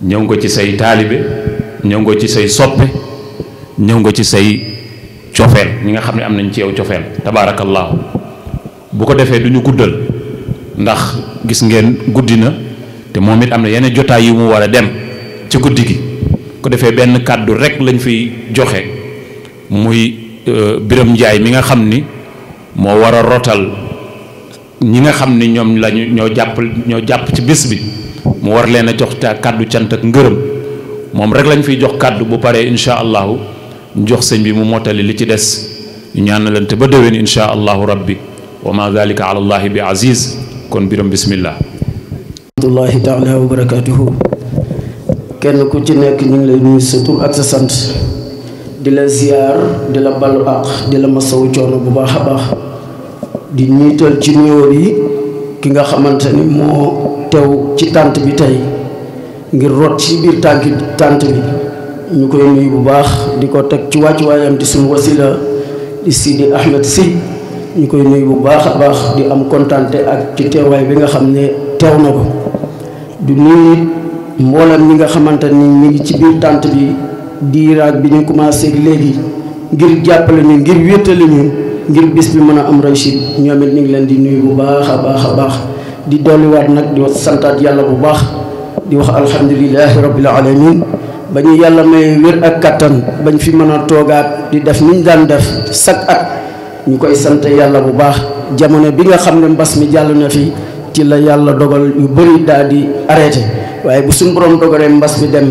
ñëw nga ci say taalibe ñëw nga ci say soppe ñëw nga ci say cofeel ñi nga xam ne am nañ ci yow cofeel tabaarakallaahu bu ko defee du ñu guddal ndax gis ngeen guddi na te moom it am na yeneen jotaay yu mu war a dem ci guddi gi ko defee benn kàddu rek lañu fiy joxe muy euh, Biram Njaay mi nga xam ni moo war a rotal ñi nga xam ni ñoom lañu ñoo jàpp ñoo jàpp ci bés bi mu war leen a jox kàddu cant ak ngërëm moom rek lañ fi jox kàddu bu paree incha allahu jox sëñ bi mu mottali li ci des ñu ñaanalante ba déwén incha allahu rabbi wa ma bi aziz kon biram bismillah rahmatullahi taala kenn ku ci nekk ñu ngi lay sa sant di la ziyaar di la ballu àq di la coono bu baax a baax di ñiital ci nuyoo yi ki nga xamante ni moo teew ci tànt bi tey ngir rot ci biir tànki tànt bi ñu koy nuyu bu baax di ko teg ci wàccu waayam di suñu wasila di Sidi Ahmed Sy ñu koy nuyu bu baax a baax di am kontante ak ci teewaay bi nga xam ne teew na ko di nuyu nit mboolem ñi nga xamante ni ñu ngi ci biir tànt bi diiraag bi ñu commencé léegi ngir jàppale ñu ngir wéttali ñu ngir bis bi mën a am réussite ñoom ñu ngi leen di nuyu bu baax a baax a baax di dolliwaat nag di santaat yàlla bu baax di wax alhamdulilahi rabbil alamin ba ñu yàlla may wér ak kattan bañ fi mën a toogaat di def ni ñu daan def chaque at ñu koy sant yàlla bu baax jamono bi nga xam ne mbas mi jàll na fi ci la yàlla dogal yu bëri daal di arrêté waaye bu suñu borom dogalee mbas mi dem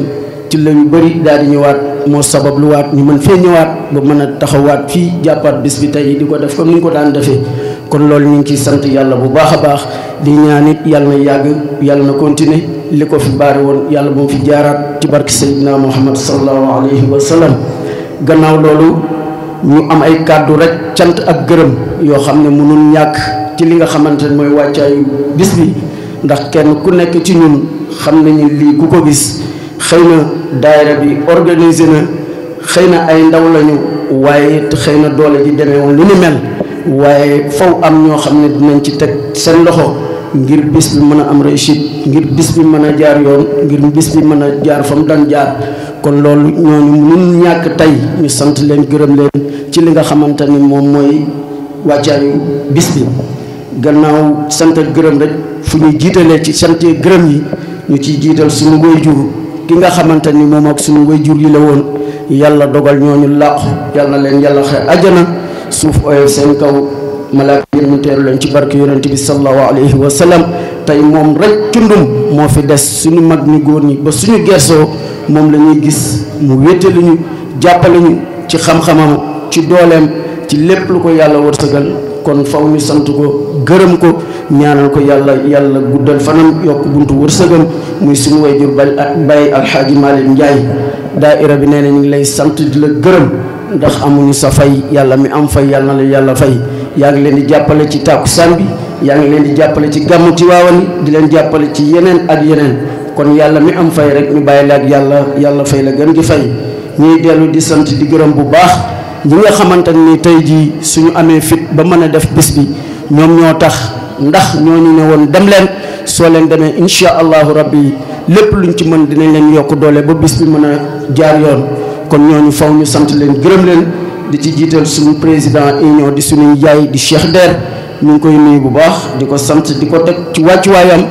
ci la yu bëri daal di ñëwaat moo sabab lu waat ñu mën fee ñëwaat ba mën a taxawaat fii jàppaat bis bi tey di ko def comme ni ñu ko daan defee. kon loolu ñu ngi ciy sant yàlla bu baax a baax di ñaan it yàlla na yàgg yàlla na continuer li ko fi baare woon yàlla bu mu fi jaaraat ci barke Seydina Muhammad sallallahu alayhi wa sallam gannaaw loolu ñu am ay kàddu rek cant ak gërëm yoo xam ne mënul ñàkk ci li nga xamante ne mooy wàccaayu bis bi ndax kenn ku nekk ci ñun xam nañu lii ku ko gis xëy na daayira bi organisé na xëy na ay ndaw lañu waaye xëy na doole di demee woon li ni mel waaye faw am ñoo xam ne dinañ ci teg seen loxo ngir bis bi mën a am réussite ngir bis bi mën a jaar yoon ngir bis bi mën a jaar fa mu daan jaar kon loolu ñooñu mënul ñàkk tey ñu sant leen gërëm leen ci li nga xamante ni moom mooy wàccaayu bis bi gannaaw sant ak gërëm rek fu ñuy jiitalee ci sant gërëm yi ñu ciy jiital suñu waajur ki nga xamante ni moom ak suñu jur yi la woon yàlla dogal ñooñu làqu yàlla leen yàlla xee àjjana suuf ooyof seen kaw malaaka yi ñu teeru leen ci barke yonent bi sallallahu alayhi wa sallam tey moom rek cundum moo fi des suñu mag ñu góor ñi ba suñu gersoo moom la ñuy gis mu lu ñu jàppale ñu ci xam-xamam ci dooleem ci lépp lu ko yàlla wërsëgal kon faw ñu sant ko gërëm ko ñaanal ko yàlla yàlla guddal fanam yokk buntu wërsëgam muy suñu wayjur bay bay alxaaji Malick Ndiaye daaira bi nee na ñu ngi lay sant di la gërëm ndax amuñu sa fay yàlla mi am fay yàlla na la yàlla fay yaa ngi leen di jàppale ci tàkkusaan bi yaa ngi leen di jàppale ci gàmmu ci waawani di leen jàppale ci yeneen ak yeneen kon yàlla mi am fay rek ñu bàyyi la yàlla yàlla fay la gën gi fay ñuy dellu di sant di gërëm bu baax ñi nga xamante ni tey jii ñu amee fit ba mën a def bis bi ñoom ñoo tax ndax ñoo ñu ne woon dem leen soo leen demee incha allahu yi lépp lu ñu ci mën dinañ leen yokk doole ba bis bi mën a jaar kon ñooñu faw ñu sant leen gërëm leen di ci jiital suñu président union di suñu yaay di Cheikh Der ñu ngi koy nuyu bu baax di ko sant di ko teg ci wàcc waayam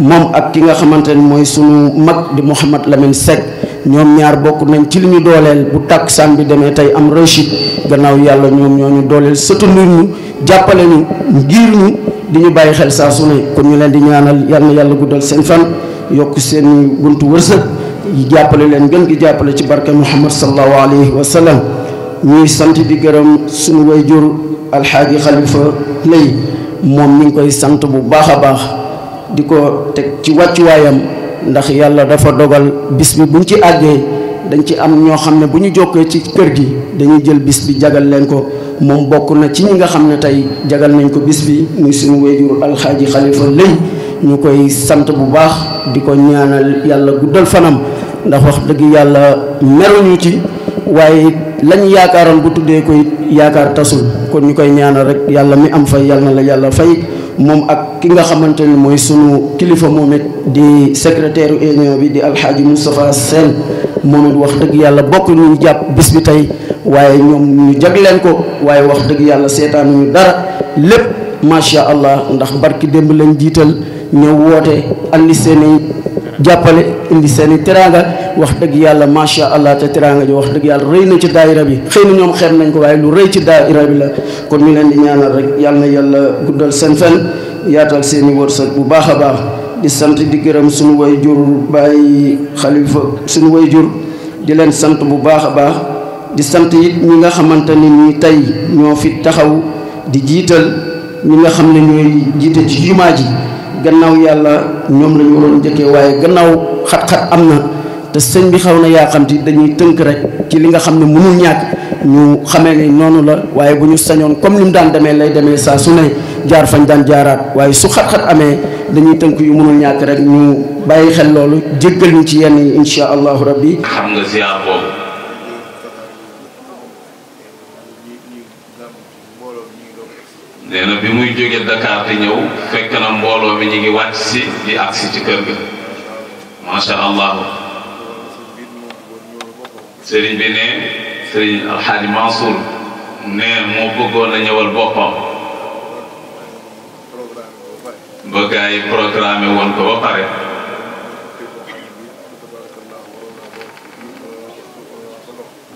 moom ak ki nga xamante ne mooy suñu mag di Mouhamad Lamine Seck ñoom ñaar bokk nañ ci li ñu dooleel bu tàkk saan bi demee tey am réussite gannaaw yàlla ñoom ñoo ñu dooleel soutenir ñu jàppale ñu ngir ñu di ñu bàyyi xel saa su kon ñu leen di ñaanal yal na yàlla guddal seen fan yokk seen buntu wërsëg. jàppale leen gën gi jàppale ci barke muhammad sallallahu alayhi wa sallam ñuy sant di gërëm suñu wayjur alxaaji xalifa lay moom ñu ngi koy sant bu baax a baax di ko teg ci wàccuwaayam ndax yàlla dafa dogal bis bi buñ ci àggee dañ ci am ñoo xam ne bu ñu jokkee ci kër gi dañuy jël bis bi jagal leen ko moom bokk na ci ñi nga xam ne tey jagal nañu ko bis bi muy suñu wayjur alxaaji xalifa lay ñu koy sant bu baax di ko ñaanal yàlla guddal fanam ndax wax dëgg yàlla ñu ci waaye lañ yaakaaroon bu tuddee koy yaakaar tasul kon ñu koy ñaanal rek yàlla mi am fay yàlla na la yàlla fay moom ak ki nga xamante ni mooy sunu kilifa moom it di secrétaire union bi di alxaaji Moustapha Sène moom it wax dëgg yàlla bokk ñu jàpp bis bi tey waaye ñoom ñu leen ko waaye wax dëgg yàlla seetaanuñu dara lépp macha allah ndax barki démb lañ jiital ñëw woote andi seen i jàppale indi seen i teraanga wax dëgg yàlla macha allah te teraanga ji wax dëgg yàlla rëy na ci daayira bi xëy na ñoom xem nañ ko waaye lu rëy ci daa daayira bi la kon ñu leen di ñaanal rek yàlla na yàlla guddal seen fen yaatal seen i wërsëg bu baax a baax di sant di gërëm suñu way jur bàyyi xalifa suñu way jur di leen sant bu baax a baax di sant yi ñi nga xamante ni ñi tey ñoo fi taxaw di jiital ñi nga xam ne ñooy jiital ci jumaa ji gannaaw yàlla ñoom lañu ñu njëkkee waaye gannaaw xat-xat am na te sëñ bi xaw na yaa xam ti dañuy tënk rek ci li nga xam ne mënul ñàkk ñu xamee ne noonu la waaye bu ñu sañoon comme ni mu daan demee lay demee saa su ne jaar fañ daan jaaraat waaye su xat-xat amee dañuy tënk yu mënul ñàkk rek ñu bàyyi xel loolu jéggal ñu ci yenn yi incha allahu rabbi. xam nga ziar boobu. nee bi muy jógee Dakar te ñëw fekk na mbooloo mi ñu ngi wàcc si di agsi ci kër ga macha allah sëriñ bi ne sëriñ alxaaji Mansour ne moo bëggoon a ñëwal boppam ba gaa woon ko ba pare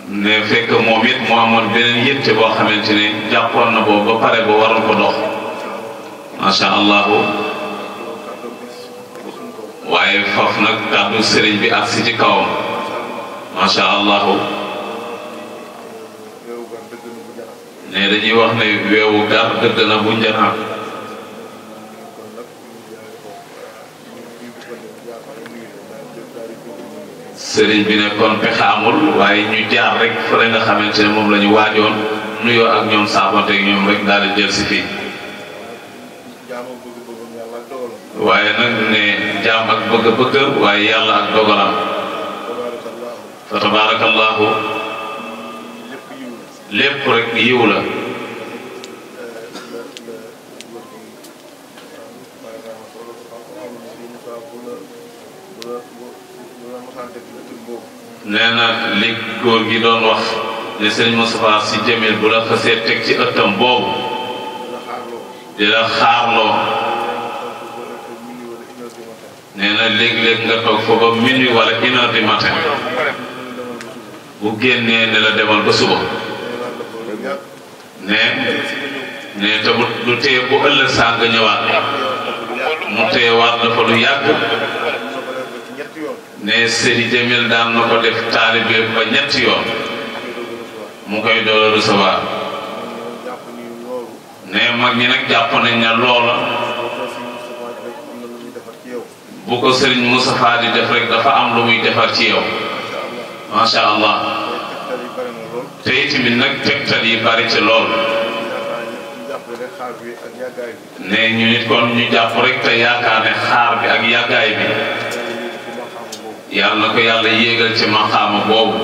ne fekk moom it mu amoon beneen yitte boo xamante ne jàppoon na boobu ba pare ba waroon ko dox macha allahu waaye faf na kàddu sëriñ bi ak si ci kawam macha allahu ne dañuy wax ne weewu gar dëgg na sëriñ bi ne kon pexe waaye ñu jaar rek fa la nga xamante ne moom la ñu waajoon nuyoo ak ñoom saabonte ak ñoom rek daal di jël si fi waaye nag ne jaam ak bëgg-bëgg waaye yàlla ak dogalam fa tabaarakallahu lépp rek yiw la góor gi doon wax di sëñ Moustapha si jamil bu la xasee teg ci ëttam boobu di la xaarloo nee na léeg-léeg nga toog fa ba minuit wala une heure du matin bu génnee ne la demal ba suba ne ne te lu téye bu ëllëg saa ñëwaat mu téyewaat dafa lu yàgg ne Seydi Jamil daan na ko def taalibe ba ñetti yoon mu koy doole recevoir ne mag ñi nag jàpp nañ ne loola bu ko Serigne Moustapha di def rek dafa am lu muy defar ci yow macha allah te nag tegtal yi bari ci lool ne ñu nit kon ñu jàpp rek te yaakaar ne xaar bi ak yàggaay bi. yàlla na ko yàlla yéegal ci maqaama boobu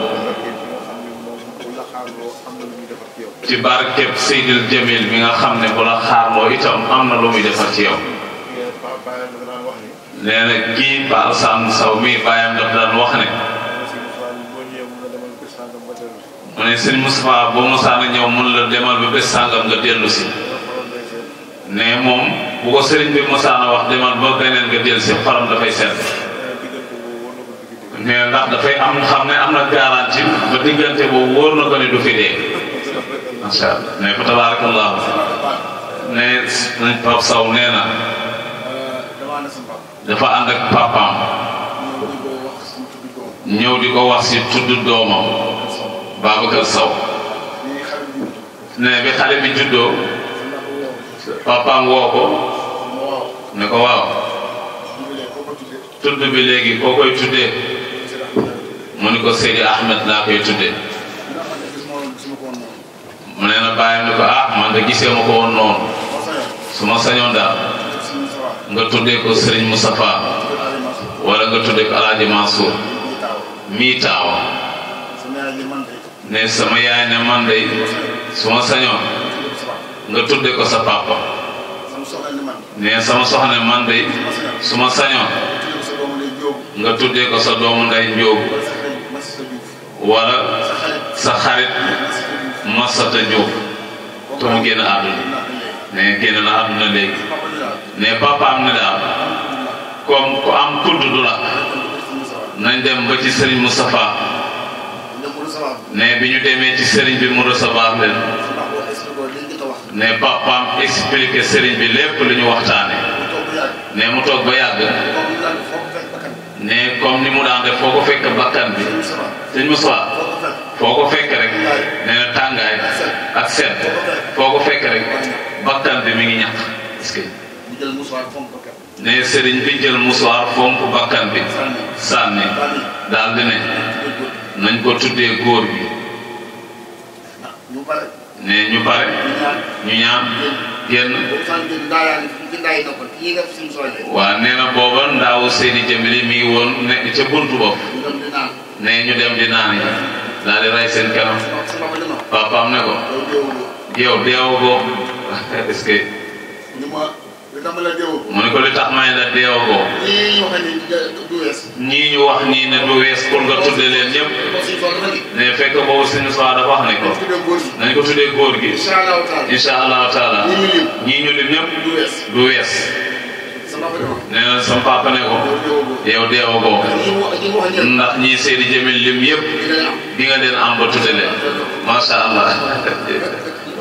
ci barkeb Seydil Jamil bi nga xam ne bu la xaarloo itam am na lu defar ci yow nee na kii Pa Alsaan Saw mi bàyyam daf daan wax ne mu ne sëñ Moustapha boo Musaana ñëw mun la demal ba bés sàngam nga dellu si ne moom bu ko sëriñ bi Musaana wax demal ba beneen nga dellu si dafay sedd ne ndax dafay am xam ne am na garantie ba diggante boobu wóor na ko ne du fi dee macha allah ne fa tabarakallahu ne nañ pap saw nee ñëw di ko wax si tudd doomam Babacar Saw ne bi xale bi juddoo papaam woo ko ne ko waaw tudd bi léegi koo tuddee mu ni ko Seydi Ahmed laa koy tudde mu nee na bàyyam ni ko ah man de gisee ma ko woon noonu su daal nga tuddee ko Serigne Moustapha wala nga tuddee ko Alaaji Mansour mii taaw ne sama yaay ne man de su ma nga tudde ko sa papa ne sama soxna man de su ma nga tuddee ko sa doomu nday Njóob wala sa xarit Masata Diop te mu génn àdduna ne génn na àdduna léegi ne papa am na daal comme ku am tudd du la nañ dem ba ci sëriñ Moustapha ne bi ñu demee ci sëriñ bi mu recevoir leen ne papaam expliqué sëriñ bi lépp lu ñu waxtaane ne mu toog ba yàgg ne comme ni mu daan def foo fekk bakkan bi sëñ Moussa foo fekk rek nee na tàngaay ak seet foo ko fekk rek bakkan bi mi ngi ñàkk est-ce bi jël musuwaar fonk bakkan bi sànni daal di ne nañ ko tuddee góor bi ne ñu pare ñu ñaan yenn. waaw nee na booba ndaaw Seydi Jamil mi ngi woon nekk ca buntu bopp. nee ñu dem di naan yi daal di rey seen kanam. papaam ne ko. yow deewu ko est-ce mu ni ko li tax may la deew ko ñii wax nii ne du wees pour nga tudde leen ñëpp ne fekk boobu suñu soxla dafa wax ne ko nañ ko tuddee góor gi insha allahu taala ñii lim ñëpp du wees nee na sama papa ne ko yow deew ko ndax ñii seeni jëmil lim yëpp di nga am ba tudde leen macha allah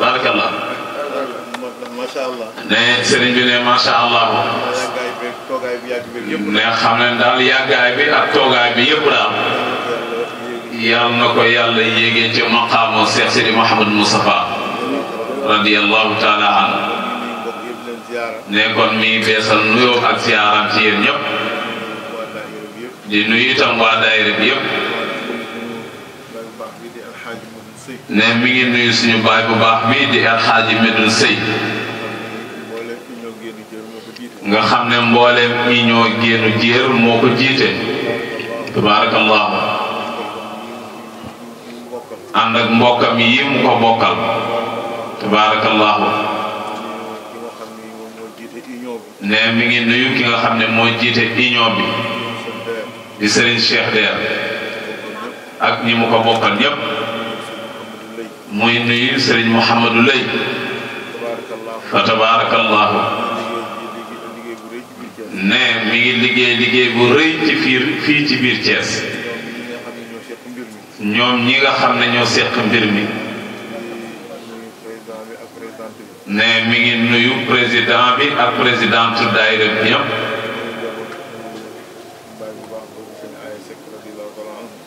barakallah macha allah ne sëriñ bi ne macha allah. ne xam ne daal yàggaay bi ak toogaay bi yëpp daal. yal na ko yàlla yéegee ci maqaamu Cheikh Sidi Mouhamed Moustapha. radiyallahu taala an. ne kon mi ngi beesal nuyoo ak siyaaram ci yéen ñëpp. di nuyu itam waa daayira bi yëpp. ne mi ngi nuyu suñu baay bu baax bii di El Hadji Medoune Seye. nga xam ne mbooleem union génnu jéer moo ko jiite tabaarakallaahu ànd ak mbokkam yi mu ko bokkal tabaarakallaahu ne mi ngi nuyu ki nga xam ne moo jiite union bi di Serigne Cheikh Der ak ñi mu ko bokkal ñépp muy nuyu Serigne Mouhamadou Lay fa tabaarakallaahu ne mi ngi liggéey liggéey bu rëy ci fiir fii ci biir Thiès ñoom ñi nga xam ne ñoo mbir mi ne mi ngi nuyu président bi ak présidente daayira bi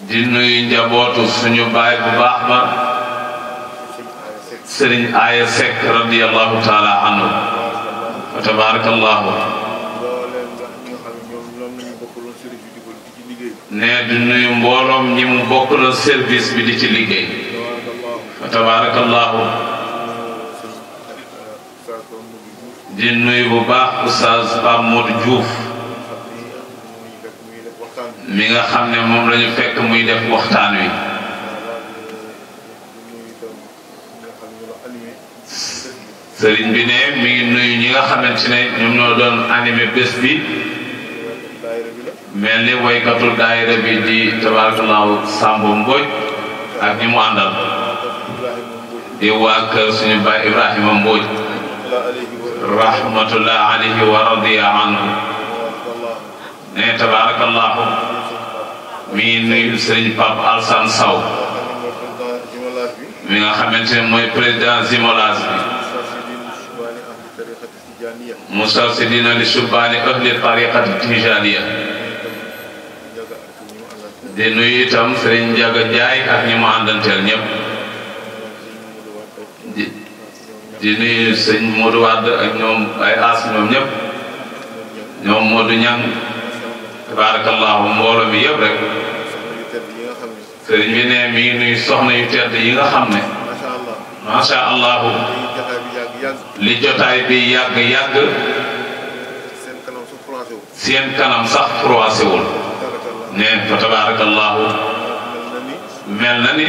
di nuyu njabootu suñu baay bu baax ba sëriñ aaya sekk radiallahu taala anhu wa nee di nuyu mbooloom ñi mu bokkal service bi di ci liggéey fa tabaarakallaahu di nuyu bu baax oustaz Pape Modou Diouf mi nga xam ne moom lañu fekk muy def waxtaan wi sëriñ bi ne mi ngi nuyu ñi nga xamante ne ñoom ñoo doon animé bés bi mel ni woykatu daayira bi di tabarakallahu Samb Mbodj ak ñi mu àndal di waa kër suñu baay Ibrahima Mbodj rahmatullah alayhi wa radiya anhu ne tabarakallahu mi nuyu sëriñ Pape Alsan Saw mi nga xamante ne mooy président Zimolas bi mustarsidina li subbaani ahli tariqati tijaniya di nuyu itam sëriñ Njaga Njaay ak ñi mu àndanteel ñëpp di di nuyu ñoom ay as ñoom ñëpp ñoom Modou Ñang tabaarakallaahu mi yëpp rek sëriñ bi ne mi ngi soxna yu tedd yi nga xam ne macha allahu li jotaay bi yàgg yàgg seen kanam sax croisé wul ne fa tabaarakallaahu mel na ni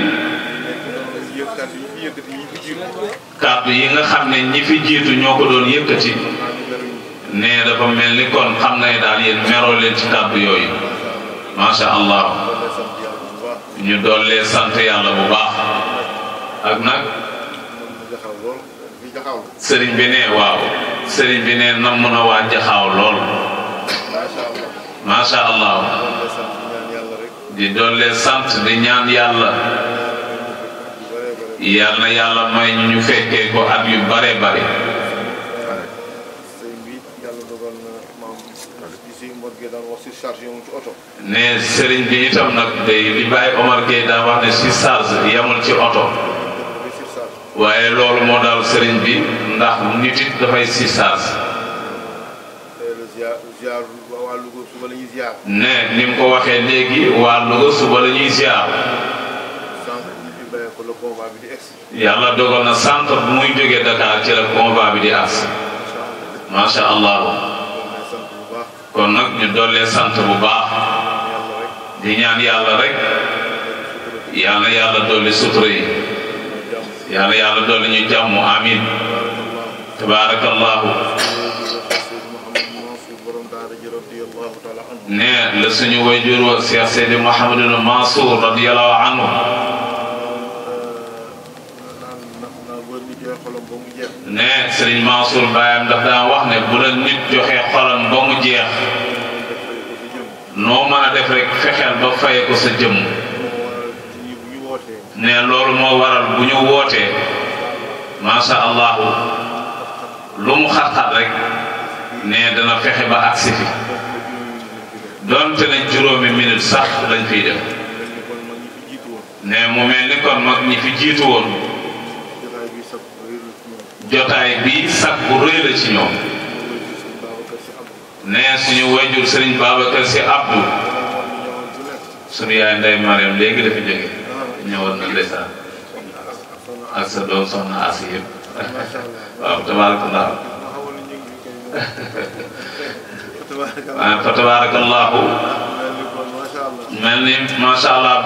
kàddu yi nga xam ne ñi fi jiitu ñoo ko doon yëkkati ne dafa mel ni kon xam na daal yéen meroo leen ci kàddu yooyu macha allah ñu dollee sant yàlla bu baax ak nag sëriñ bi ne waaw sëriñ bi ne nam mën a waa jaxaaw lool macha allah di doon leen sant di ñaan yàlla yàlla na yàlla may ñu fekkee ko at yu bare bare ne sëriñ bi itam nag day li bàyyi Omar Gueye daa wax ne surcharge yamul ci oto waaye loolu moo daal sëriñ bi ndax nit it dafay surcharge ne ni mu ko waxee léegi waa Louga suba la ñuy ziar. yàlla dogal na sant bu muy jógee Dakar ci la convoi bi di àgsi. macha allah. kon nag ñu dollee sant bu baax. di ñaan yàlla rek. yàlla yàlla dolli sutura yi. yàlla yàlla dolli ñu jàmm amin. tabaarakallahu ne la suñu wayjur wa Cheikh Seydi Mouhamadul Mansour radiyallahu anhu ne Sëriñ Mansour baayam daf daan wax ne bu la nit joxe xolam ba mu jeex noo mën def rek fexeel ba faye ko sa jëm ne loolu moo waral bu ñu wootee masha allahu lu mu xat-xat rek ne dana fexe ba agsi fi donte ne juróomi minute sax lañ fiy def ne mu mel ni kon mag ñi fi jiitu woon jotaay bi sag bu rëy la ci ñoom ne suñu wajur sëriñ Babacar si Abdou suñu yaay Ndey Mariam léegi dafa jóge ñëwoon na ndeysaan ak sa doom soxna as yëpp waaw tabaarakallah waaw ah, fa tabaarakallaahu mel ni macha allah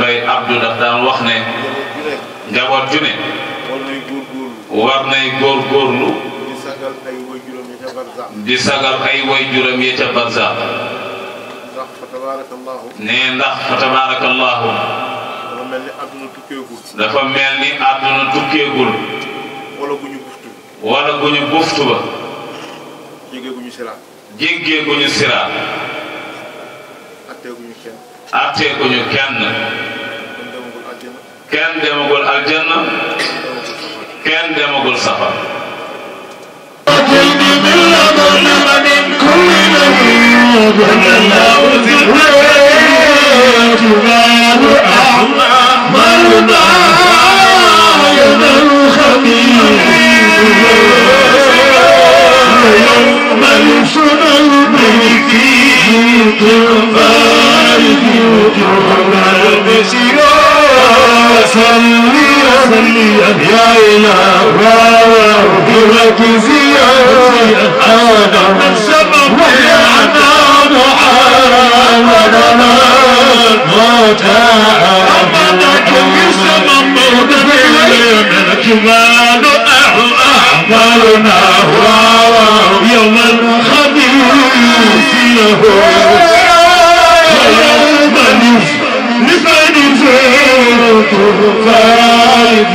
Bay Abdou daf wax ne njaboot ju ne war nay di sagal ay way juram yi ca barza nee ndax fa tabaarakallaahu dafa mel ni àdduna tukkeegul wala bu ñu buftu ba jéggeeguñu siraat. jéggeeguñu siraat. atteeguñu kenn. atteeguñu kenn. kenn demagul aljanna. kenn demagul safara. علينا بمك زيادة من سبب يعنا محمدنا الموتى أمنك بسبب منك مال أعمالنا يوم الخميس له ويوم نفع نفع نفع فائد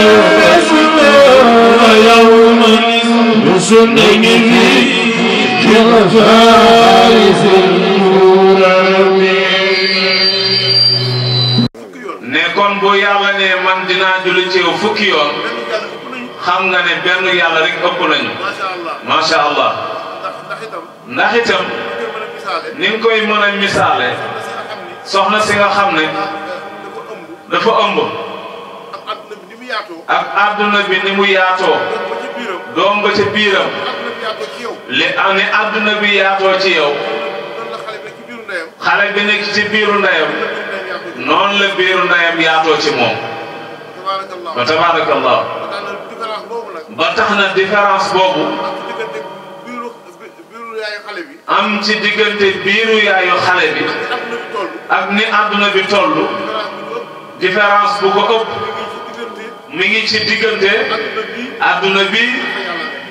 يوما يسنن في الفارس المرام nekkoon bu yàlla ne man dinaa julli yow fukki yoon xam nga ne benn yàlla rek ëpp nañu macha allah ndax itam koy mën misaale soxna si nga xam ne dafa ëmb. ak àdduna bi ni mu yaatoo doom ba ca biiram li am ah, àdduna bi yaatoo ci yow xale bi nekk ci biiru ndeyam noonu la biiru ndeyam yaatoo ci moom ba tabaarakallah ba tax na différence boobu am ci diggante biiru yaayu xale bi ak ni àdduna bi toll différence bu ko ëpp mi ngi ci diggante adduna bi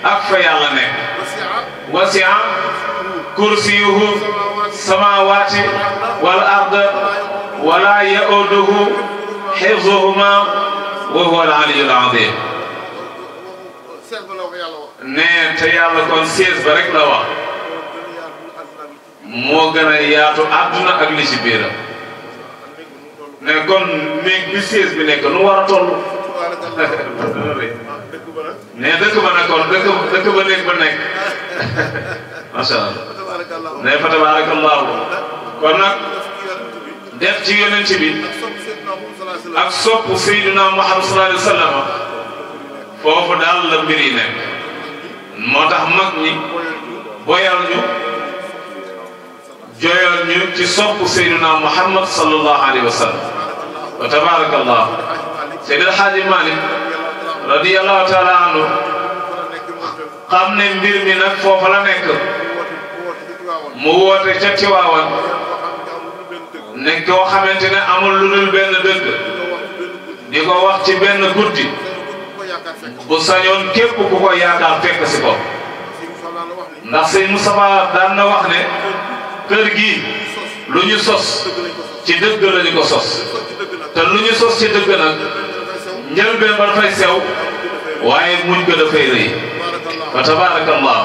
ak fa yàlla nekk wasia kursiyuhu samawaati wal ard wala yauduhu xifzuhuma wa huwa al aliyul azim nee te yàlla kon sées ba rek la wax moo gën a yaatu àdduna ak li ne kon néeg bi sées bi nekk nu war a Ah, ne dëkk ba nag kon dëkk dëkk ba nekk ba nekk macha allah ne fa tabaarakallaahu kon nag def ci yonent bi ak sopp Seydina Muhammad sallallahu alayhi wa sallam foofu daal la mbir yi nekk moo tax mag ñi boyal ñu joyal ñu ci sopp Seydina Muhammad sallallahu alayhi wa sallam wa tabaarakallaahu Seydi El Hadji Malick radiyallahu xam ne mbir mi nag foofa la nekk mu woote ca Tiwaawan ne koo xamante ne amul lu dul benn dëgg di ko wax ci benn guddi bu sañoon képp ku ko yaakaar fekk si ko ndax sëñ Moustapha daan wax ne kër gi lu ñu sos ci dëgg la ko sos te lu ñu sos ci dëgg nag njëlbeen ba dafay sew waaye muñ ko dafay rëy fa tabaarakallah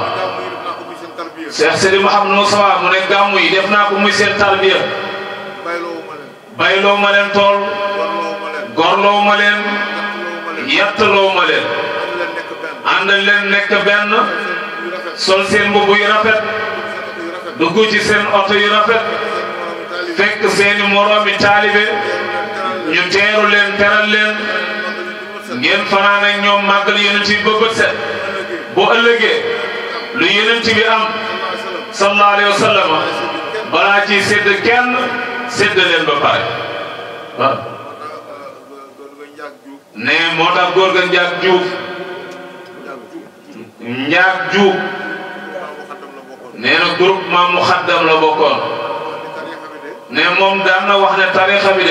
Cheikh Seydi Mouhamadou Moustapha mu ne gàmmu yi def naa ko muy seen tarbiya bayloo ma leen tool gorloo ma leen yettaloo leen àndal leen nekk benn sol seen mbubb yu rafet dugg ci seen oto yu rafet fekk seeni moroomi taalibe ñu teeru leen teral leen ngeen fanaan ñoom màggal yonent bi ba bët set bu ëllëgee lu yonent bi am balaa ciy sédd kenn sédd leen ba pare ne moo tax góor njaag juuf njaag juuf nee na groupement xaddam la bokkoon ne moom daan na wax ne tarixa bi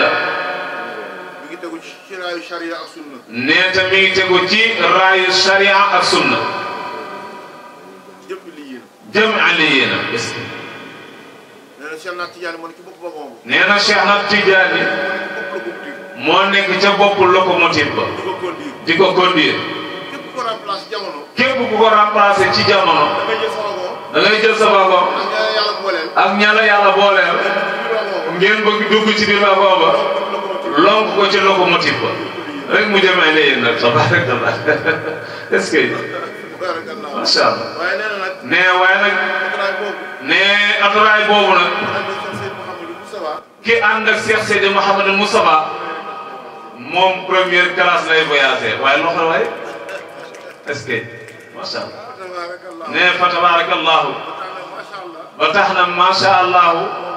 la. raayu sharia ak sunna. nee te ci raayu a. est-ce ci ca bopp locomotive di ko conduire. képp ku ko remplacer ci jamono. da ngay ak ña la booleel. ak ña la yàlla ci biir ba. lonk ko ci locomotive ba rek mu jëmee léegi nag tabaaraka est-ce que allah nee waaye nag nee boobu nag ki ànd ak Cheikh Seydi Mouhamadou Moustapha moom première classe lay voyagé waaye loxo waay est-ce que allah nee fa tabaaraka allahu ba tax na macha allah.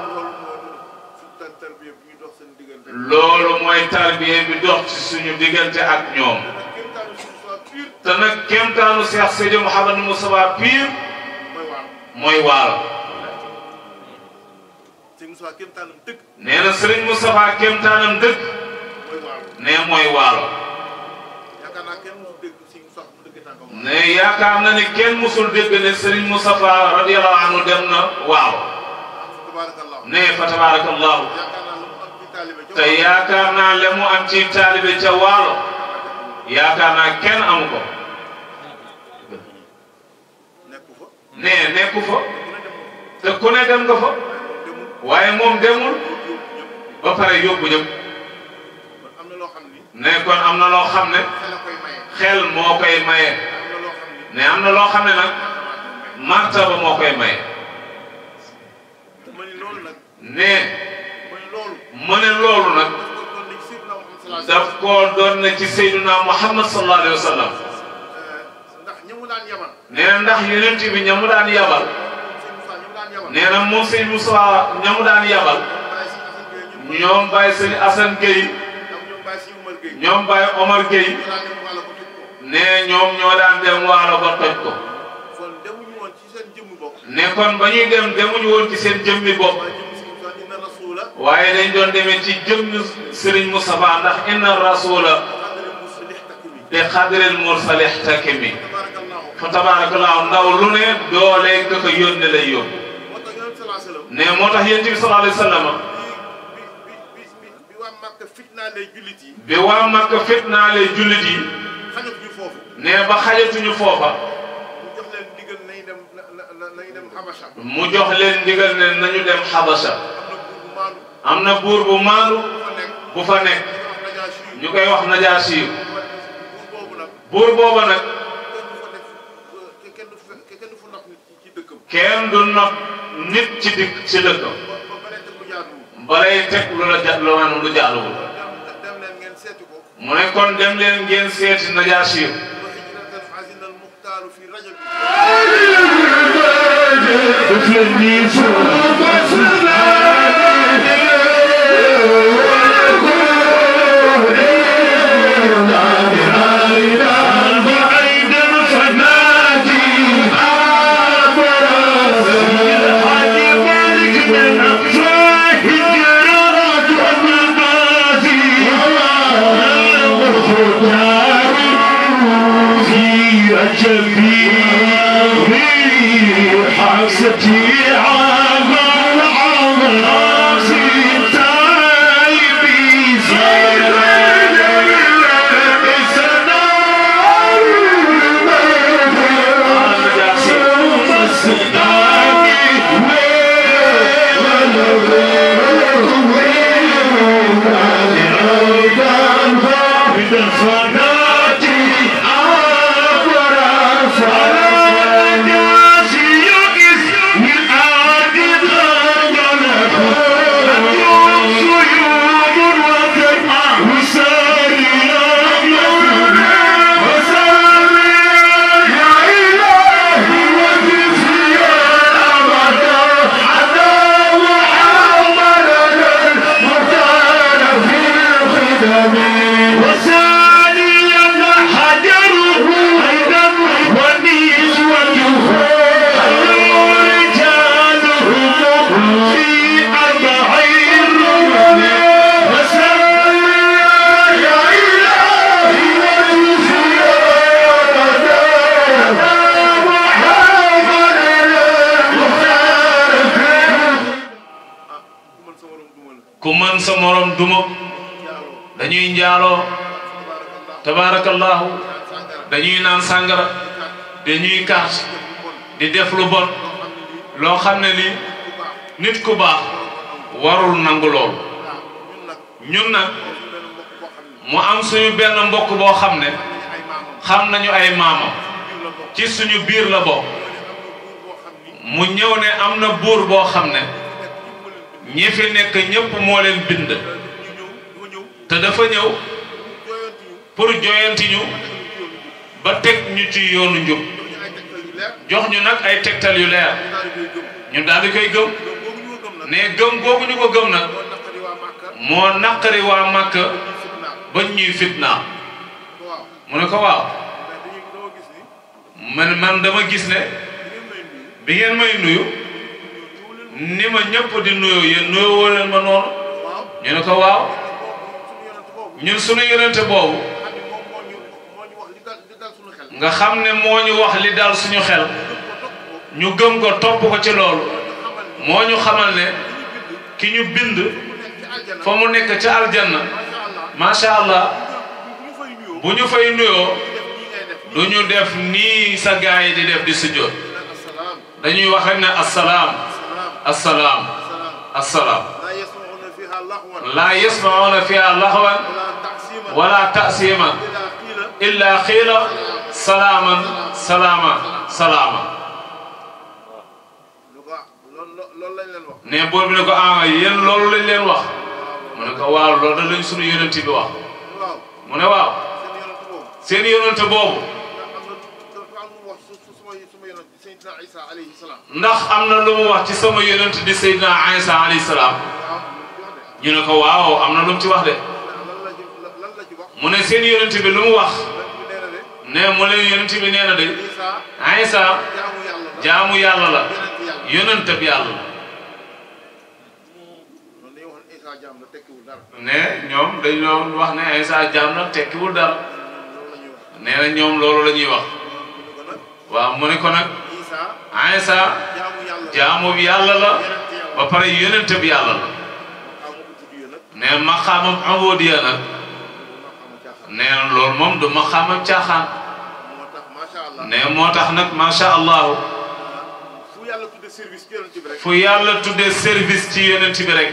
loolu mooy tarbiye bi dox ci suñu diggante ak ñoom te nag kéemtaanu Cheikh Seydi Mouhamadou Moustapha Pire mooy waal nee na Serigne Moustapha kéemtaanam dëkk nee mooy waal ne yaakaar na ni kenn musul dégg ne Serigne Moustapha radiyallahu anhu dem na waaw ne fa tabaarakallahu te yaakaar naa le am ci taalibe ca waalo yaakaar naa kenn amu ko nee nekku fa te ku ne dem nga fa waaye moom demul ba pare yóbbu ñëpp ne kon am na loo xam ne xel moo koy maye ne am na loo xam ne nag martaba moo koy maye ne mu ne loolu nag daf koo doon na ci Seydina Muhammad sallallahu alayhi wa sallam nee na ndax bi ñamu daan yabal nee na moom Sëñ ñamu daan yabal ñoom Baye Sëñ Assane Gueye ñoom Baye Omar Gueye nee ñoom ñoo daan dem waalo ba toj ko ne kon ba dem demuñu woon ci seen jëmmi bopp waaye dañ doon demee ci jëm Serigne Moustapha ndax inna rasula de xadril mursalih takimi fa tabarakallahu ndaw lu ne doolee ka ko yónne lay yóbbu ne moo tax yonent bi sallallahu alayhi wa sallam bi waa Makka fitnaale jullit yi ne ba xajatuñu foofa mu jox leen ndigal ne nañu dem xabasa am na buur bu maalu bu fa nekk ñu koy wax najaasiyu buur booba nag kenn du nopp nit ci dikk ci dëkkam balay teg lu la ja lu maanaam lu jaaluwul mu ne kon dem leen ngeen seeti najaasiyu Thank you. Hallelujah. dañuy njaaloo tabaarakallaahu dañuy naan sàngara dañuy kaas di def lu bon loo xam ne lii nit ku baax warul nangu lool ñun nag mu am suñu benn mbokk boo xam ne xam nañu ay maamam ci suñu biir la bokk mu ñëw ne am na buur boo xam ne ñi fi nekk ñépp moo leen bind dafa ñëw pour joyanti ba teg ñu ci yoonu njub jox ñu nag ay tegtal yu leer ñu daal di koy gëm ne gëm googu ñu ko gëm nag moo naqari waa Màkka ba ñuy fitnaa mu ne ko waaw man man dama gis ne bi ngeen may nuyu ni ma ñëpp di nuyoo yéen nuyoo leen ma noonu ñu ne ko waaw ñun suñu yonente boobu nga xam ne moo ñu wax li daal suñu xel ñu gëm ko topp ko ci loolu moo ñu xamal ne ki ñu bind fa mu nekk ca aljana macha allah bu ñu fay nuyoo du ñu def nii sa gaay di def di sujjóot dañuy wax ne assalaam assalaam assalaam laa yasmauna fiha lahwan wala tasima illa xiila salaaman salaama salaama ne boobu ne ko ah yéen loolu lañ leen wax mu ne ko waaw loolu da lañ sunu yonent bi wax mu ne waaw seen yonent boobu ndax am na lu mu wax ci sama yonent di Seydina Isa alayhi salaam ñu ne ko waaw am na lu ci wax de mu ne seen yonent bi lu mu wax ne mu leen yonent bi nee na de Isa jaamu yàlla la yonent bi yàlla la ne ñoom dañ doon wax na tekkiwul dara nee na ñoom loolu la ñuy wax waaw mu ne ko nag Isa jaamu yàlla la ba pare yonent bi yàlla la neen maqaamam awóodiya caaxaan neen moo tax nag macha allah fu yàlla tuddee service ci yonent bi rek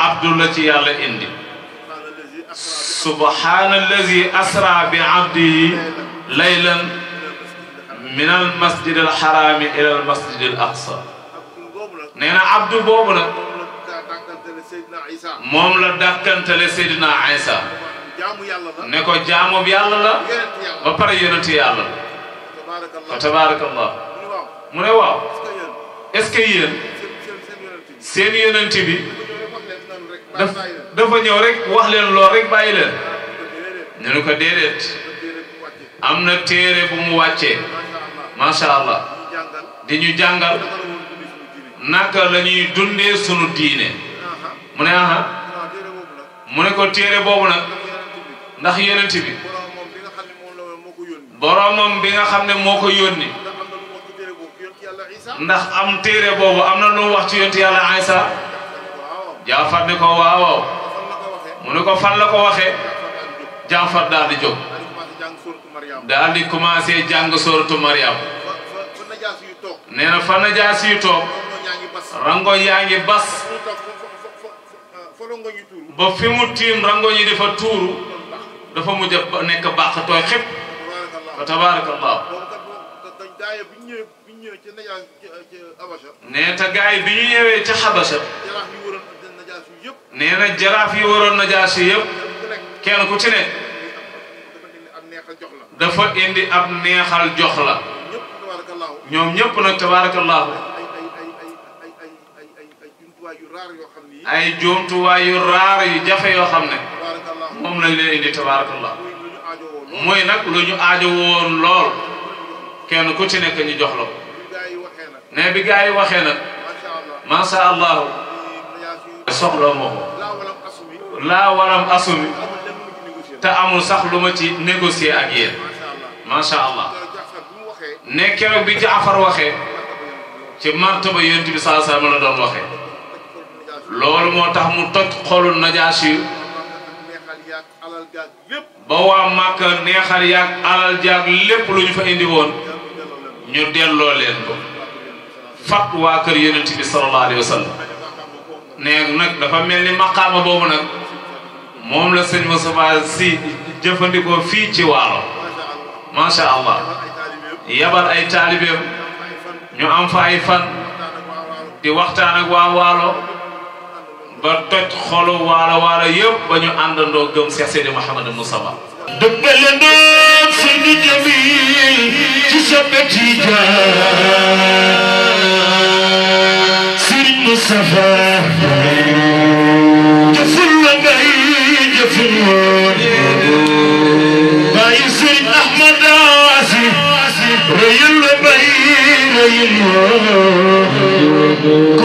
abdullah ci yàlla indi subhaanallazi asra bi abdihi laylan min al masjid al xaraami ila al masjid al aqsa nee na abdu boobu nag moom la dàkkantale Seydina Isa ne ko jaamob yàlla la ba pare yonent yàlla la fa tabaarakallah mu ne waaw est-ce que yéen seen yonent bi daf dafa ñëw rek wax leen lool rek bàyyi leen ñu ne ko déedéet am na téere bu mu wàccee macha di ñu jàngal naka la ñuy dundee sunu diine mu ne aha mu ne ko téere boobu nag ndax yonent bi boromam bi xam ne moo ko yónni ndax am téere boobu am na lu wax ci yonent yàlla Isa ne ko waaw mu ne ko fan ko waxe jaafar daal di jóg daal di commencé jàng sooratu Mariam nee na fan toog rango yaa ngi bas ba fi mu tiim rango ñi dafa tuuru dafa mujj a nekk baax tooy xëpp fa tabaarakallah yi bi ñu ñëwee ca xabasa nee yi waroon najaas yi yëpp kenn ku ci ne dafa indi ab neexal jox ñoom ñëpp nag tabaarakallahu ay jumtuwaay yu raar yu jafe yoo xam ne moom lañ leen indi tabaarakallah mooy nag lu ñu aajo woon lool kenn ku ci nekk ñu jox la ko ne bi gars yi waxee nag macha allah soxla moo ko laa waram asumi te amul sax lu ma ci négocier ak yéen macha allah ne keroog bi Jaafar waxee ci martaba yonent bi saa saa la doon waxee. loolu moo tax mu toj xolu najaasi ba waa màkk neexal yaag alal jaag lépp lu ñu fa indi woon ñu delloo leen ko fat waa kër yonent bi sallallahu alayhi wa sallam nag dafa mel ni maqaama boobu nag moom la sëñ Moustapha si jëfandikoo fii ci waalo macha allah yabal ay taalibeem ñu am fa ay fan di waxtaan waa waalo ba toj xolu waalo waalo yëpp ba ñu àndandoo gëm Cheikh Seydi Mouhamadou Moustapha dëggalandoog Seydi Jamil ci sa bëti jaar Sëriñ Moustapha jëful la ngay jëful woon bàyyi Sëriñ Ahmad Asi rëyul la bay rëyul woon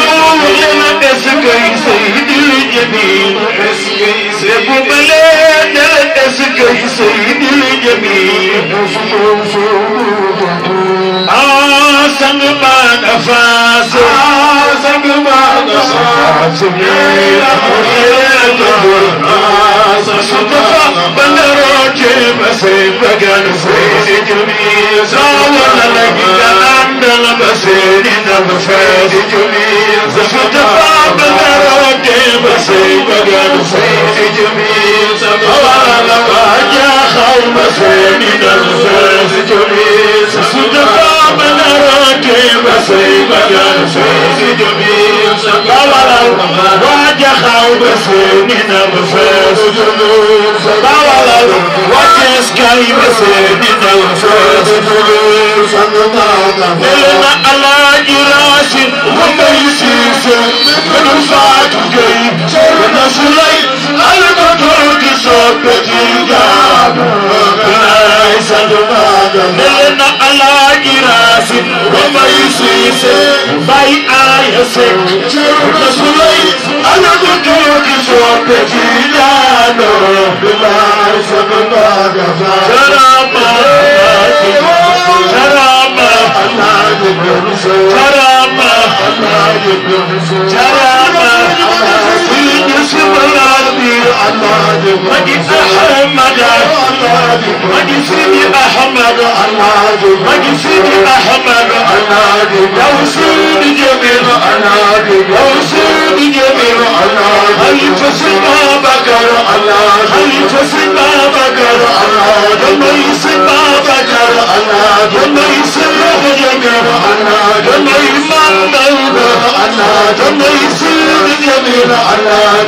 اسكي سيد الجميل اسكي سيد ابو بلاد اسكي سيد الجميل آسم ما نفاس آسم ما نفاس يا أخي يا صدقة بل راجب أسيب بقى نفيد جميل زاولا لك دلان دلبسين نفيد جميل صدقة بل راجب أسيب بقى نفيد جميل زاولا لك أجا خير مسين نفيد جميل صدقة بل راجب كيف صيب كان فيه جميل سبالا وجحا بسنين بفاس سبالا وجس كيف سنين بفاس لنا على جراس وميسيس من فات كيف ونسلي المطرق صبتي جاب لنا على إراس وبيس يسير باي آية سير جرد سليم أنا دكتور كشوك تجيلانا بلا سبنا غفا جرامة جرامة جرامة جرامة جرامة اسم ربي الله مجد احمد مجد سيدي احمد الله مجد سيدي احمد الله لو سيدي جميل الله لو سيدي جميل الله خليفه سيدنا بكر الله خليفه سيدنا بكر الله جميل سيدنا بكر الله جميل سيدنا جميل الله جميل ما الله جميل سيدي جميل الله Voice in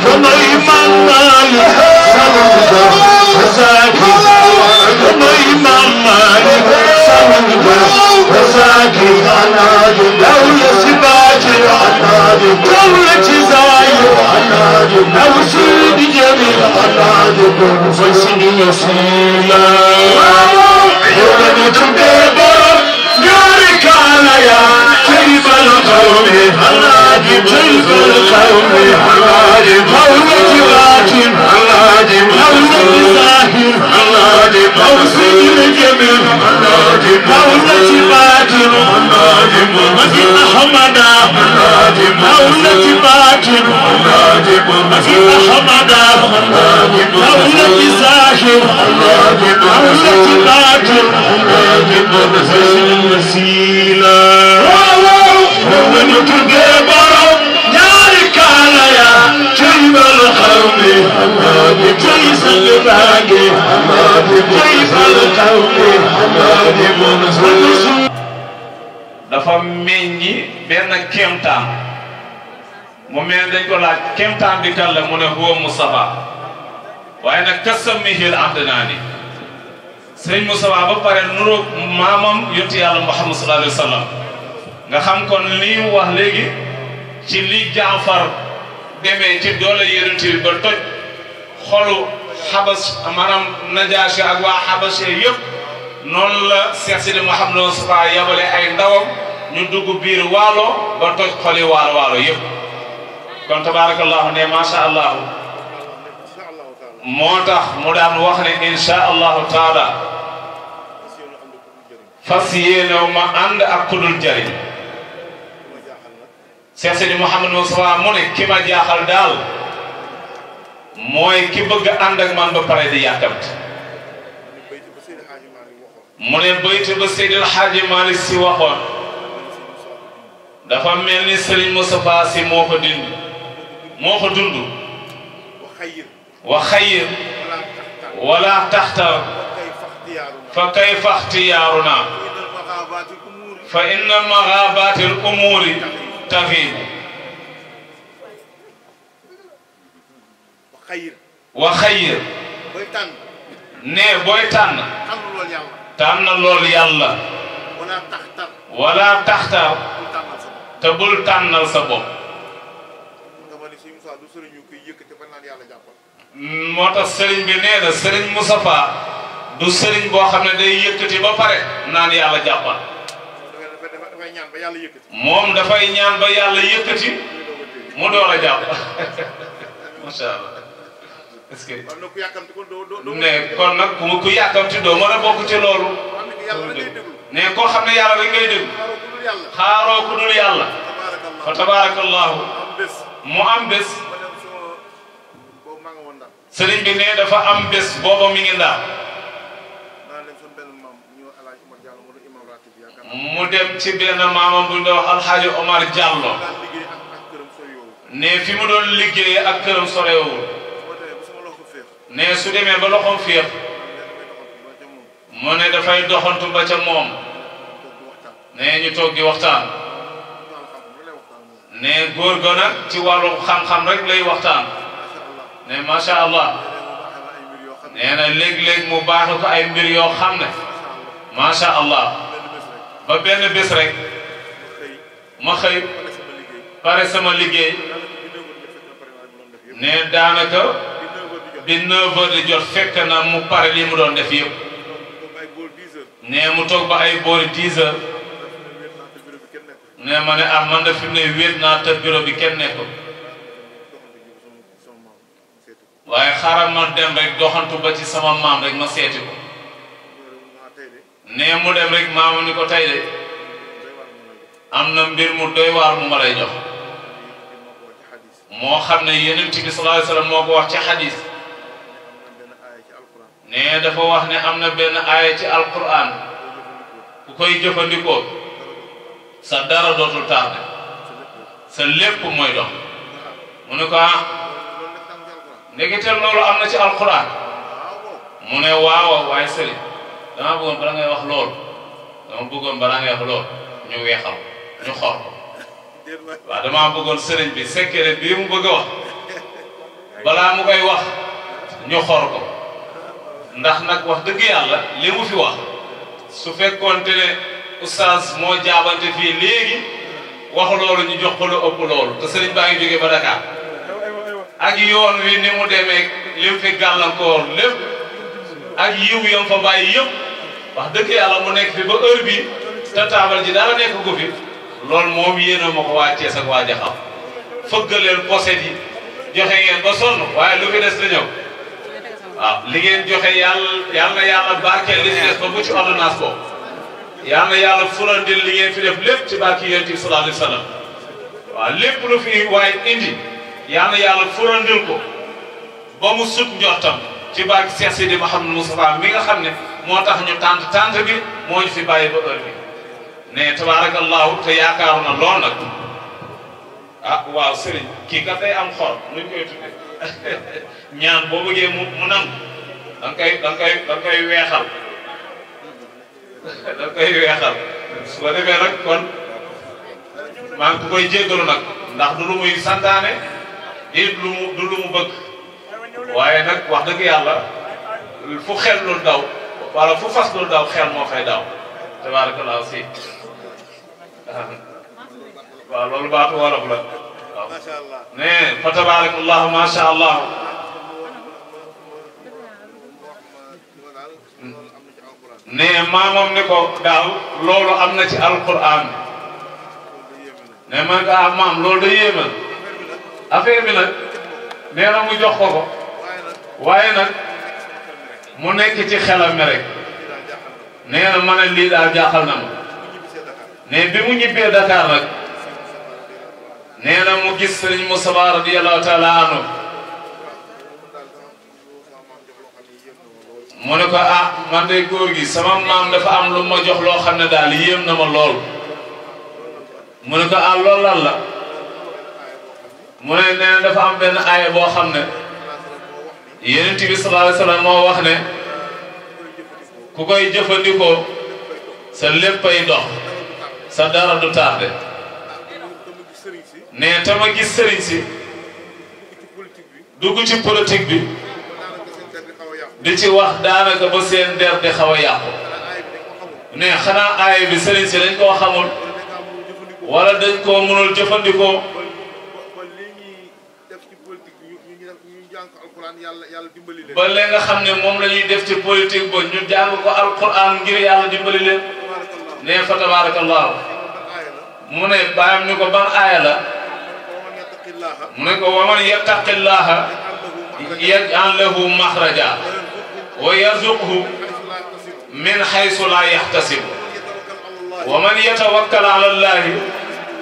your soul, love. You're ready to be born. يا شريف القوم العاجب شريف القوم العاجب قوم جواد Together dafa meññi benn kéemtaan mu mel dañ ko laaj bi kan la mu ne huwa Mustafa waaye nag kasamihil ahdanaani sëñ Mustafa ba pare nuroog maamam yonti Muhammad sallallahu wa sallam nga xam kon lii wax léegi ci li Jaafar demee ci doole yonent bi ba toj xolu xabas maanaam najaasi ak waa xabase yëpp noonu la Cheikh Sidi Mouhamadou Moustapha yabale ay ndawam ñu dugg biir waalo ba toj xoli waalo waalo yëpp kon tabarakallahu ne macha allahu moo tax mu daan wax ne insha allahu taala fas yéenew ma ànd ak kudul jariñ Cheikh Seydi Mouhamadou mu ne ki ma jaaxal daal mooy ki bëgg ak man ba pare di yàkkamti mu ne baytu ba Seydi El Hadji Malick si waxoon dafa mel ni Serigne Moustapha si moo ko dindi moo ko dund wa xayir wala taxtar fa kayfa ixtiyaaruna fa al umuuri للمتقين وخير ne booy tànn tànn lool yàlla wala taxtar te bul tànnal sa bopp moo tax sëriñ bi nee na sëriñ Moustapha du sëriñ boo xam ne day yëkkati ba pare naan yàlla jàppal dafay ñaan ba ñaan ba yàlla yëkkati mu door a jàpp ne kon nag ku ku yàkkamti doo mën a loolu. ne koo xam ne yàlla rek ngay déglu. xaaroo ku dul yàlla. fa tabaarakallaahu mu am bés. sëriñ bi ne dafa am bés booba mi ngi mu dem ci benn maamam bu ñu doon wax alxaaji Omar ne fi mu doon liggéey ak këram sorewul ne su demee ba loxoom féex mu ne dafay doxantu ba ca moom ne ñu toog waxtaan ne góor ga ci wàllu xam-xam rek lay waxtaan ne macha allah nee na léeg-léeg mu baax ko ay mbir yoo xam ne macha allah. ba benn bis rek ma xëy pare sama liggéey ne daanaka bi 9 heures di jot fekk na mu pare li mu doon def yëpp ne mu toog ba ay boori 10 heures ne ma ne ah man de fi wéet naa te bureau bi kenn nekkul waaye xaaral ma dem rek doxantu ba ci sama maam rek ma seeti ko. nee mu dem rek maamu ni ko tey de am na mbir mu doy waar mu ma lay jox moo xam ne yonent bi sallallahu alayhi wa sallam moo ko wax ci xadis nee dafa wax ne am na benn aaya ci alquran ku koy jëfandikoo sa dara dootul tardé sa lépp mooy dox mu ne ko ah ndegiteel loolu am na ci alquran mu ne waaw waaye sëriñ damaa bëggoon bala ngay wax lool dama bëggoon balaa ngay wax lool ñu weexal ñu xor waaw damaa bëggoon sëriñ bi sekkere bii mu bëgg wax balaa mu koy wax ñu xor ko ndax nag wax dëgg yàlla li mu fi wax su fekkoonte ne oustaz moo jaabante fii léegi wax loolu ñu jox ko loolu te sëriñ baa ngi jógee ba Dakar ak yoon wi ni mu demee li fi gàllankoor lépp ak yiw yam fa bàyyi yëpp wax dëgg yàlla mu nekk fi ba heure bi te taabal ji dara nekk ko fi moom yéena ma ko waa Cees ak waa Jaxaw fëggaleen poset yi joxe ngeen ba sonn waaye lu fi des na ñëw waaw li ngeen joxe yàlla yàlla yàlla barkeel li ci des ba mucc ordonnance ko yàlla yàlla furandil li fi def lépp ci barki yonent bi sallallahu alayhi wa lépp lu fi waaye indi yàlla yàlla furandil ko ba mu sut njortam ci barke Cheikh Sidi Mouhamadou Moustapha mi nga xam ne moo tax ñu tànt tànt bi moo ñu fi bàyyi ba heure bi ne tabaarakallaahu te yaakaar na lool nag ah waaw sëriñ kii kat day am xor nuñ koy tudde ñaan boo bëggee mu nangu da koy weexal da koy weexal su defee nag kon maa ngi koy jéggalu nag ndax du lu santaane it lu bëgg waaye nag wax dëgg yàlla fu xel lu daw wala fu fas lu daw xel moo fay daw tabarakallah si waaw loolu baatu wolof la waaw ne fa tabarakallah ma sha allah ne maamam ni ko daal loolu am ne ma nga maam loolu da yéema affaire bi nag nee na mu jox waaye nag mu nekk ci xelam mi rek nee na ne lii daal jaaxal na ma ne bi mu ñibbee Dakar nag nee mu gis sëriñ Moustapha radiyallahu taala anhu mu ne ko ah man de góor gi sama maam dafa am lu ma jox loo xam ne daal yéem na ma lool mu ne ko ah lool lan la mu ne nee na am benn aaya boo xam ne yonent bi sallallahu alayhi moo wax ne ku koy jëfandikoo sa léppay dox sa dara du tardé ne tama gis sëriñ si dugg ci politique bi di ci wax daanaka ba seen der di xaw a yàqu ne xanaa aay bi sëriñ si dañ koo xamul wala dañ koo mënul jëfandikoo alquran yàlla yàlla dimbali leen. ba léegi nga xam ne moom la ñuy def ci politique ba ñu jàng ko alquran ngir yàlla dimbali leen. nee fa tabaarakallahu mu ne baayam ni ko ban aaya la. mu ne ko waman yattaqillaha yaj'al lahu maxraja wa yarzuqhu min xaysu laa yaxtasib wa man yatawakkal ala llahi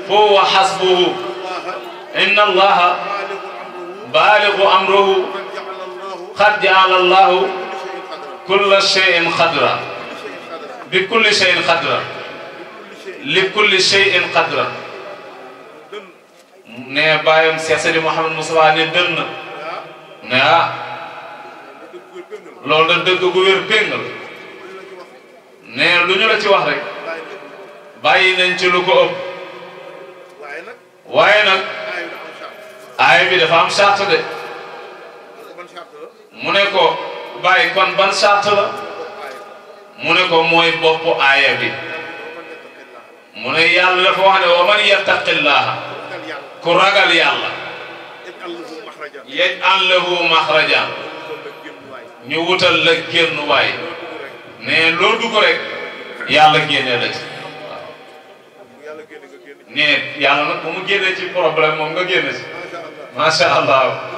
fa huwa xasbuhu inna allaha baaligu amruhu xad jaala allahu kulla cheyin xadra bi kulli cheyin xadra li kulli cheyin xadra ne bàyyam Cheikh Seydi Mouhamed Moustapha ne dënn ne ah loolu da dëgg gu wér ci wax rek bàyyi nañ ci lu ko ëpp waaye nag aay bi dafa mu ne ko bàyyi kon ban sart mu ne ko mooy bopp aaya bi mu ne yàlla dafa wax ne wa man yattaqillaaha ku ragal yàlla yaj'al lahu maxrajan ñu wutal la génn waay ne loo dugg rek yàlla génne la ci waaw ne yàlla nag bu mu génne ci problème moom nga génne ci macha allah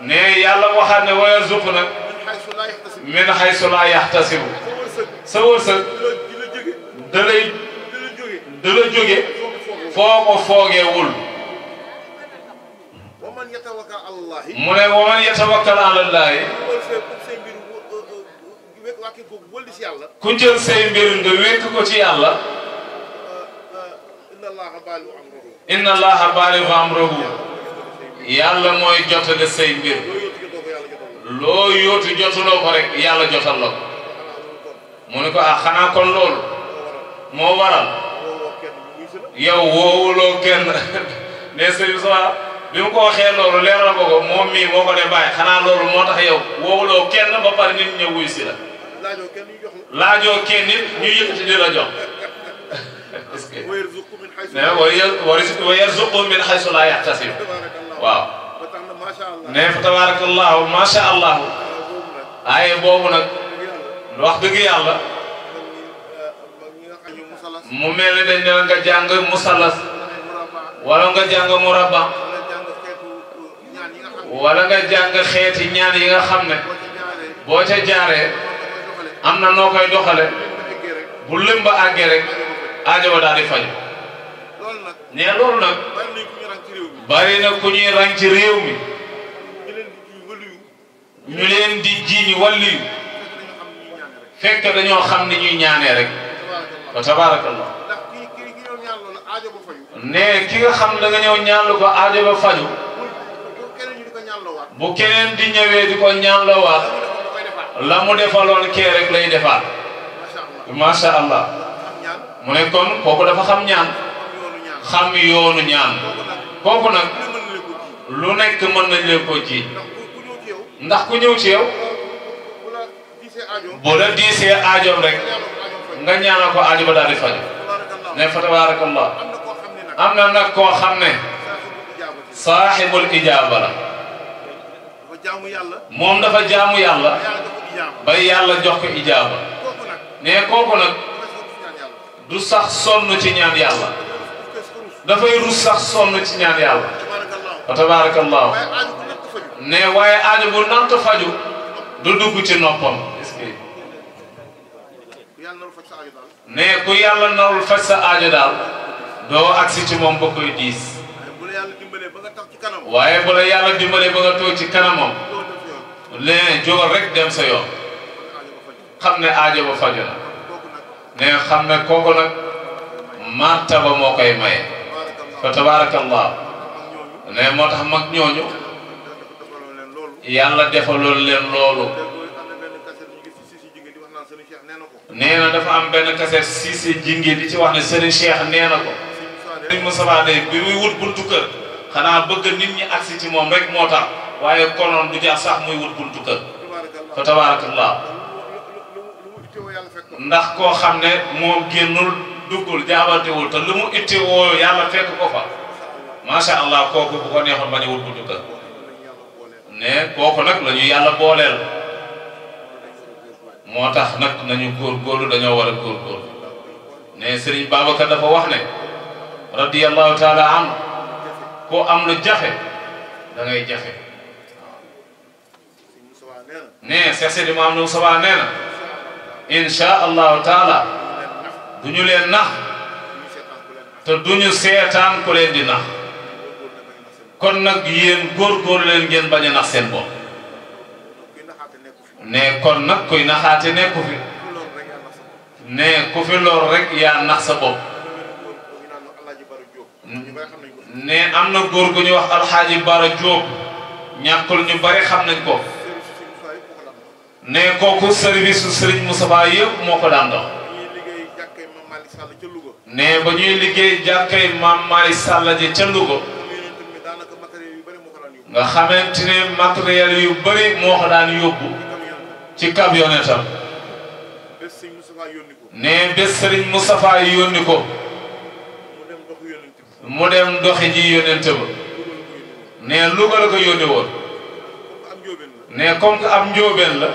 ne yàlla waxaat ne wayar zuq min xaysu yaxtasibu sa wërsëg da lay da la jóge foo ko foogeewul yatawakkal alallaahi ku say mbir nga wékk ko ci inna allaha baaligu amrahu yàlla mooy jotale say mbir loo yóotu jotuloo ko rek yàlla jotal la ko mu ne ko ah xanaa kon loolu moo waral yow woowuloo kenn ne sëriñ Sowa bi mu ko waxee loolu leeral ko ko moom mii moo ko ne bàyyi xanaa loolu moo tax yow woowuloo kenn ba pare nit ñëw wuy si la laajoo kenn nit ñu yëkkati di la jox parce que wa min haythu la yahtasib waaw ne fa tabaarakallaahu macha allah aaye boobu nag wax dëgg yàlla mu mel ni dañ nga jàng musalas walla nga jàng murabba wala nga jàng xeeti ñaan yi nga xam ne boo ca jaaree am na noo koy doxale bu lëm ba àggee rek daal di faj ne loolu nag bari na ku ñuy ràng ci réew mi ñu leen di jiiñ wàllu yu fekk dañoo xam ne ñuy ñaanee rek wa ki nga xam da nga ñëw ñaanlu ko aajo ba faju bu di ñëwee di ko ñaanlawaat la mu defaloon kee rek lay defaat macha allah mu ne kon kooku dafa xam ñaan xam yoonu ñaan kooku nag lu nekk mën nañ leen ko ji ndax ku ñëw ci yow bu la diisee aajoom rek nga ñaanal ko aajo ba daal di faju ne fa tabaarakallah am na nag koo xam ne saaxibul ijaaba la moom dafa jaamu yàlla ba yàlla jox ko ijaaba ne kooku nag du sax sonn ci ñaan yàlla dafay rus sax sonn ci ñaan yàlla wa tabaarakallaahu waaye aajo bu faju du dugg ci noppam ne ku yàlla narul faj sa aajo daal doo agsi ci moom ba koy diis waaye bu la yàlla dimbalee ba nga toog ci kanamam ne jógal rek dem sa yoon xam ne aajo ba faju na ne xam ne kooku nag martaba moo koy maye fa tabaarakallah ne moo tax mag ñooñu yàlla defaloon leen loolu nee na dafa am benn kaset Cissé jinge di ci wax ne Serigne Cheikh nee na ko Serigne Moustapha Day bi muy wut buntu xanaa bëgg nit ñi agsi ci moom rek moo tax waaye konoon du jax sax muy wut buntu fa tabaarakallah ndax koo xam ne moom génnul duggul jaabantewul te lu mu itti woo yàlla fekk ko fa macha allah kooku bu ko neexoon ma ne wut bu dugga ne kooku nag la ñu yàlla booleel moo tax nag nañu góorgóorlu dañoo war a góorgóorlu ne Serigne Babacar dafa wax ne radiyallahu taala an ko am lu jafe da ngay jafe ne Seex Sidi Maam nu Sabaa nee na incha taala du ñu leen nax te du ñu seetaan ku leen di nax kon nag yéen góorgóorlu leen ngeen bañ a nax seen bopp ne kon nag kuy naxaate ne ku fi ne ku fi lor rek yaa nax sa bopp ne am na góor gu ñuy wax alxaaji Bara Jóob ñàkkul ñu bari xam nañ ko ne kooku service su Serigne Moustapha yëpp moo ko daan dox ne ba ñuy liggéey jàkkay maam Maay Sàll ji ca Louga nga xamante ne matériel yu bëri moo ko daan yóbbu ci camionnette am ne bés Sëriñ Moustapha yónni ko mu dem doxi ji yónnent ba ne Louga la yónni woon ne comme que am njóobeen la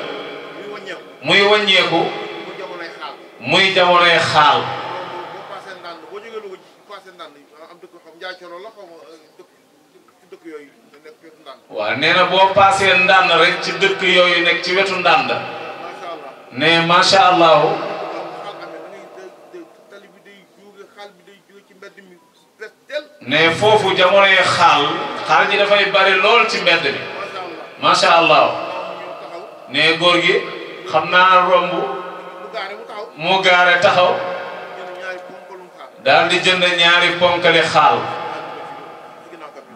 muy wàññeeku muy jamonoy xaal Euh, waaw nee na boo paasee ndànd rek ci dëkk yooyu nekk ci wetu ndànd ne macha allah. ne foofu jamonoy xaal xaal ji dafay bari lool ci mbedd bi macha allah ne góor gi xam naa romb mu gaare taxaw. daal di jënd ñaari ponkali xaal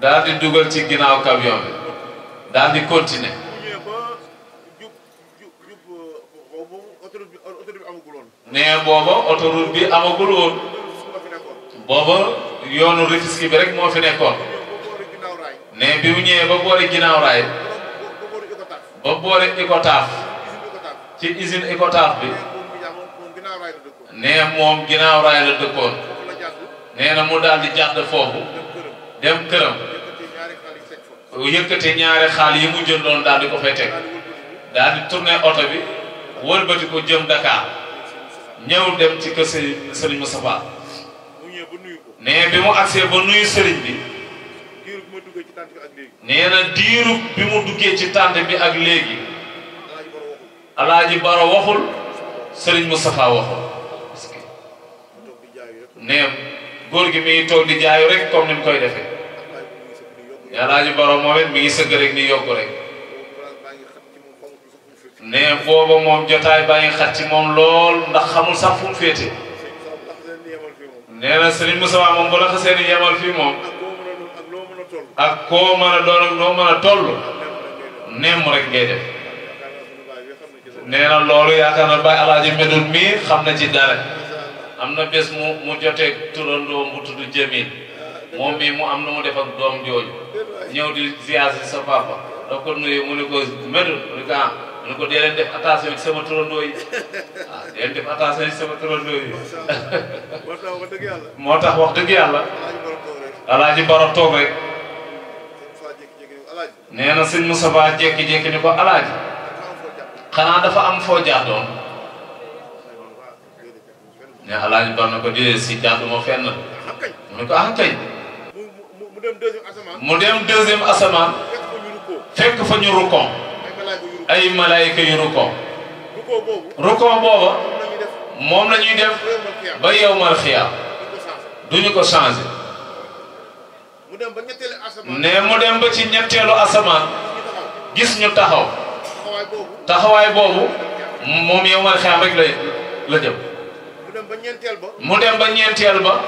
daal di dugal ci ginnaaw camion bi daal di continuer nee booba autoroute bi amagul woon booba yoonu Rufisque bi rek moo fi nekkoon nee bi mu ñëwee ba boori ginnaaw raay ba boori Icotaf ci usine Icotaf bi nee moom ginnaaw raay la dëkkoon nee na mu daal di jàdd foofu dem këram yëkkate ñaari xaal yi mu jëndoon daal di ko daal di tourné oto bi wëlbati ko jëm Dakar ñëw dem ci kër Serigne Moustapha nee bi mu agsee ba nuyu Serigne bi nee na diiru bi mu duggee ci tànt bi ak léegi Alaaji Baro waxul Serigne Moustapha waxul nee góor gi mi ngi toog di jaayu rek koy defee yàllaaji borom moom it mi sëgg rek ni yokku rek ne booba moom jotaay baa ngi moom lool ndax xamul sax fu mu féete nee na Serigne Moussa moom bu la xasee ni yemal fii moom ak koo mën a doon ak noo mën a toll nemm rek def nee na loolu yaakaar na bàyyi alaaji medul mii xam na ci dara am na bés mu mu jotee turandoo mu tudd Jamil moom bii mu am na mu def doom jooju ñëw di ziar si sa papa daf nuyu mu ne ko médu ah. mu ne ko dee leen def attention ci ah, moo tax wax dëgg yàlla alaaji baro toog rek nee na sëñ Moussa ni ko alaaji xanaa dafa am foo jaaxloon ne alaaji bar na ko dee si daatu moo fenn mu ne ko ah kay mu dem deuxième asamaan fekk fa ñu rukkon ay malaayka yu rukkon rukkon booba moom la ñuy def ba yowmal xiyaam duñu ko changé ne mu dem ba ci ñetteelu asamaan gis ñu taxaw taxawaay boobu moom yowmal xiyaam rek la la jëm mu dem ba ñeenteel ba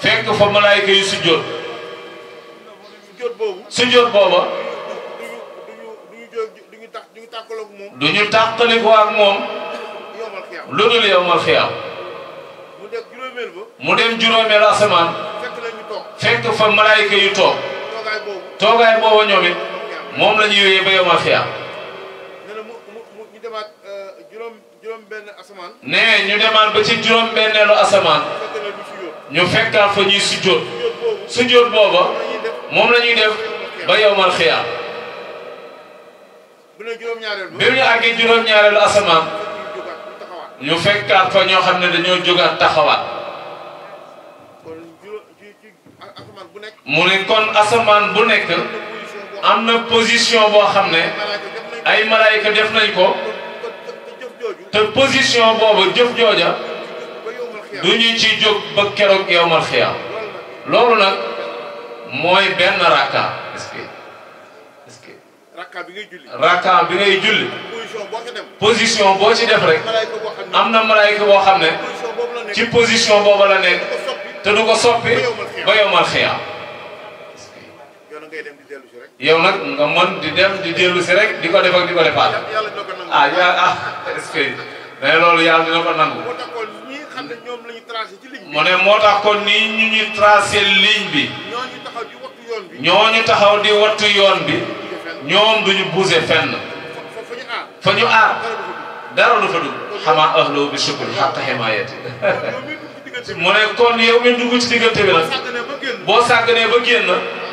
fekk fa malaayka yu sujjóot sujjóot booba du ñu tàqaliko ak moom lu dul yowmal xiyaam mu dem juróomeel asamaan fekk fa malaayka yu toog toogaay booba ñoom it moom la ñuy wéyee ba yowmal xiyaam nee ñu demaan ba ci juróom-benneelu asamaan ñu fekkaat fa ñuy sujjóot sujjóot booba moom lañuy ñuy def ba yowmal xiyaam bi ñu àggee juróom-ñaareelu asamaan ñu fekkaat fa ñoo xam ne dañoo jógaat taxawaat mu ne kon asamaan bu nekk am na position boo xam ne ay malaayka def nañ ko te position boobu jëf jooja du ñu ci jóg ba keroog yowmal xiyaam loolu nag mooy benn rakka est-ce que est-ce que bi ngay julli position boo ci def rek am na malaayka boo xam ne ci position boobu la nekk te du ko soppi ba yowmal xiyaam yow nag nga mën di dem di dellu si rek di ko def di ko defaat ah yaa ah est que mais loolu yàlla dina ko nangu. mu ne moo tax kon nii ñu ñu tracé ligne bi ñu taxaw di wattu yoon bi ñoom duñu bougé fenn fa ñu aar dara du fa dugg xamaa ahlu bi shukri xaqa himayati mu ne kon yow mi dugg ci diggante bi nag boo sàgganee ba génn.